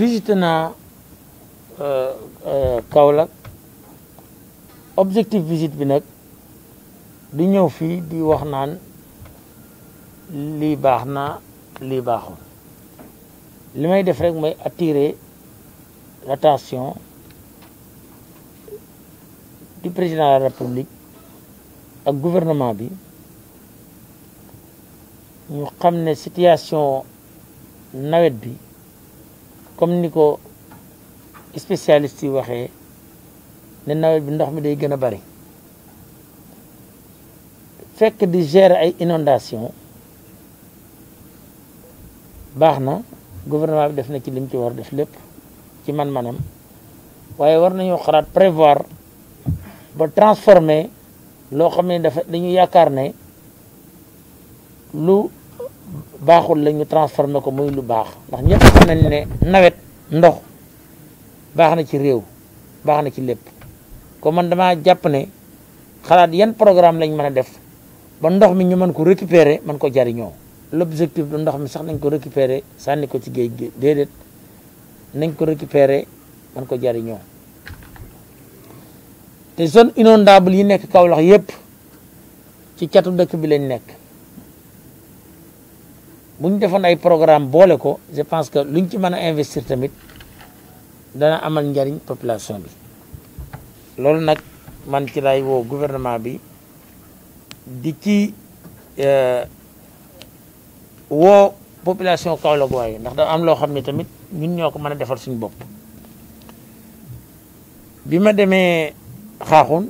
visité naa euh, euh, Kaolack objectif visite bi nag di ñëw fii di wax naan lii baax na li baaxul li may def rek mooy attire l'attention du président de la République ak gouvernement bi ñu xam ne situation nawet bi comme ni ko spécialiste yi waxee ne nawet bi ndox mi day gën a bari fekk di gérer ay inondation baax na gouvernement bi def na ci lim ci war def lépp ci man-manam waaye war nañoo xalaat prévoir ba transformer loo xam ne dafa dañu yaakaar ne lu baaxul la ñu transformé ko muy lu baax ndax ñëpp nañ ne nawet ndox baax na ci réew baax na ci lépp ko man damaa jàpp ne xalaat yan programme lañ mën a def ba ndox mi ñu mën ko récupérer mën ko jariñoo l'objectif du ndox mi sax nañ ko récupérer sànni ko ci géej gi déedéet nañ ko récupérer mën ko jariñoo te zone inondable yi nekk Kaolack yépp ci catu dëkk bi lañ nekk bu ñu defoon ay programme boole ko je pense que luñ ci mën a investir tamit dana amal njariñ population bi loolu nag man ci lay woo gouvernement bi di ci euh, woo population Kaolack waaye ndax da am loo xam ne tamit ñun ñoo ko mën a defar suñu bopp bi ma demee xaaxun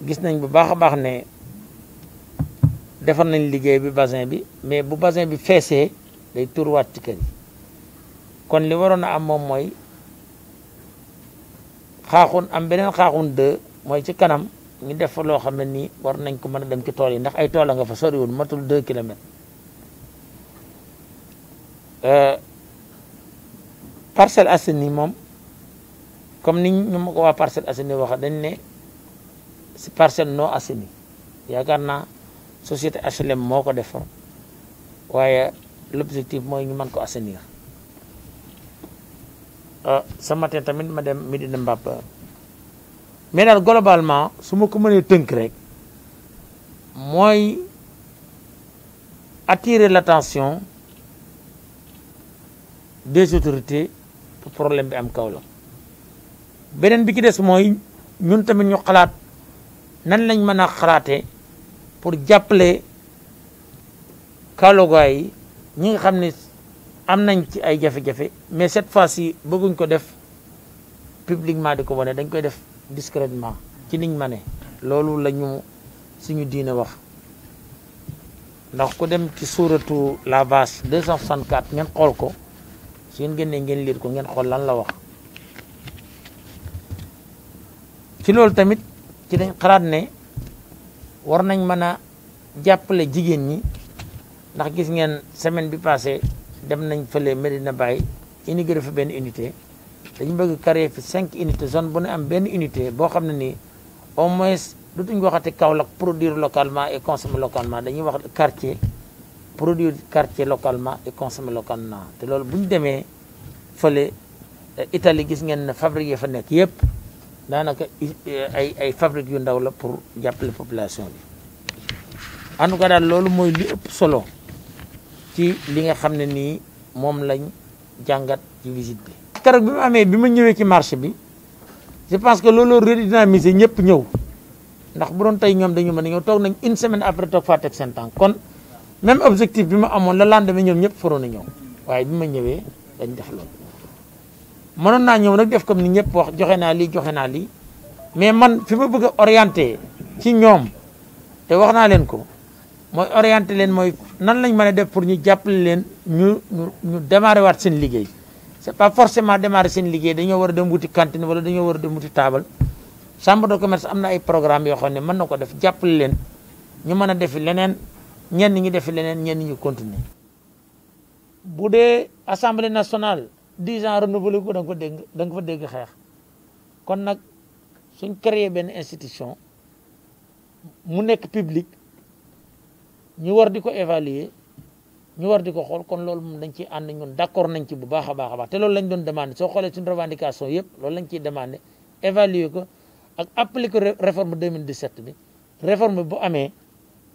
gis nañ bu baax a baax ne defar nañ liggéey bi basin bi mais bu basin bi feesee day turwaat ci kër kon li waroon a am moom mooy xaaxun am beneen xaaxun deux mooy ci kanam ñu def fa loo xam ne nii war nañ ko mën a dem ci tool yi ndax ay tool a nga fa soriwul matul deux kilomètres euh, Parcelles Assainies moom comme ni ñu ma ko waa Parcelles Assainies wax dañ ne si parcelle non assainie yaakaar société HLM moo ko def waaye l'objectif mooy ñu man ko assainir euh, ce matin tamit ma dem na Mbàpp mais daal globalement su ma ko mënee tënk rek mooy attirer l'attention des autorités pour problème bi am kaw la beneen bi ki des mooy ñun tamit ñu xalaat nan lañ mën a xalaatee pour jàppale kaalogaa yi ñi nga xam ne am nañ ci ay jafe-jafe mais cette fois-ci bëgguñ ko def publiquement di ko wane dañ koy def discrètement ci niñ ma ne loolu la ñu suñu diine wax ndax ku dem ci suuratu la vache 264 ngeen xool ko su ngeen génnee ngeen liir ko ngeen xool lan la wax ci loolu tamit ci dañ xalaat ne war nañ mën a jàppale jigéen ñi ndax gis ngeen semaine bi passé dem nañ fële Medina Baye inauguré fa benn unité dañu bëgg créer fi cinq unité zone bu ne am benn unité boo xam ne nii au moins dutuñ waxati Kaolack produire localement et consommer localement dañuy wax quartier produit quartier localement et consommer localement te loolu bu ñu demee fële euh, Italie gis ngeen ne fabriqué fa nekk yëpp daanaka eh, ay ay fabrique yu ndaw la pour jàppale population bi en tout cas daal loolu mooy li ëpp solo ci li nga xam ne nii moom lañ jàngat ci visite bi. keroog bi mu amee bi ma ñëwee ci marché bi je pense que loolu redynamiser ñëpp ñëw ndax bu doon tey ñoom dañu mën a ñëw toog nañ une semaine après toog faa teg seen temps kon même objectif bi ma amoon la lendemain ñoom ñëpp faroon na ñëw waaye bi ma ñëwee dañ def loolu. mënoon naa ñëw nag def comme ni ñëpp wax joxe naa lii joxe naa lii mais man fi ma bëgg a orienté ci ñoom te wax naa leen ko mooy orienté leen mooy nan lañ mën a def pour ñu jàppale leen ñu ñu démarré waat seen liggéey c'est pas forcement démarré seen liggéey dañoo war a dem wuti cantine wala dañoo war a dem wuti taabal chambre de commerce am na ay programme yoo xam ne mën na ko def jàppale leen ñu mën a defi leneen ñenn ñi defi leneen ñenn ñu continuer bu dee assemblée dix ans renouvelé ko da nga fa dégg da nga fa dégg xeex kon nag suñ créer benn institution mu nekk public ñu war di ko évaluer ñu war di ko xool kon loolu moom dañ ciy ànd ñun d'accord nañ ci bu baax a baax a baax te loolu lañ doon demandé soo xoolee suñu revendication yëpp lool lañ ciy demandé évaluer ko ak appliquer réforme 2017 bi réforme bu amee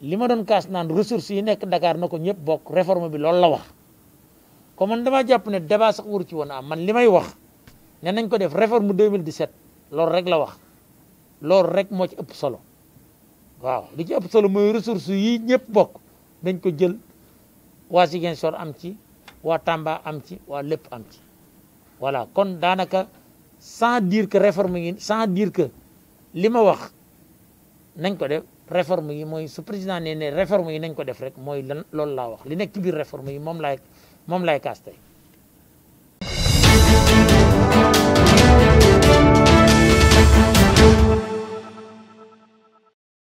li ma doon kaas naan ressources yi nekk Dakar na ko ñëpp bokk réforme bi loolu la wax comme man damaa jàpp ne débat sax waru ci woon am man li may wax ne nañ ko def réforme 2017 loolu rek la wax loolu rek moo ci ëpp solo waaw li ci ëpp solo mooy ressources yi ñëpp bokk dañ ko jël waa Ziguinchor am ci waa Tamba am ci waa lépp am ci voilà kon daanaka sans dire que réforme yi sans dire que li ma wax nañ ko def réforme yi mooy su président nee ne réforme yi nañ ko def rek mooy lan loolu laa wax li nekk ci biir réforme yi moom laay moom lay kaas tey